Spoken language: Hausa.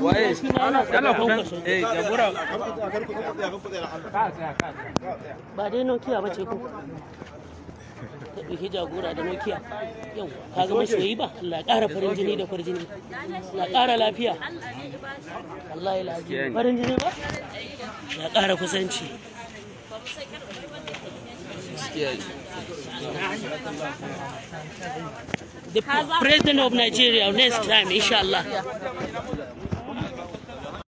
waye Allah ko eh jagora ba dai nokiya bace ko ka ɗauki jagora da nokiya yau ka ga masoyi ba Allah ƙara farin jini da farin jini Ya ƙara lafiya Allah ya lafiya farin jini ba na ƙara kusanci the president of Nigeria next time, inshallah.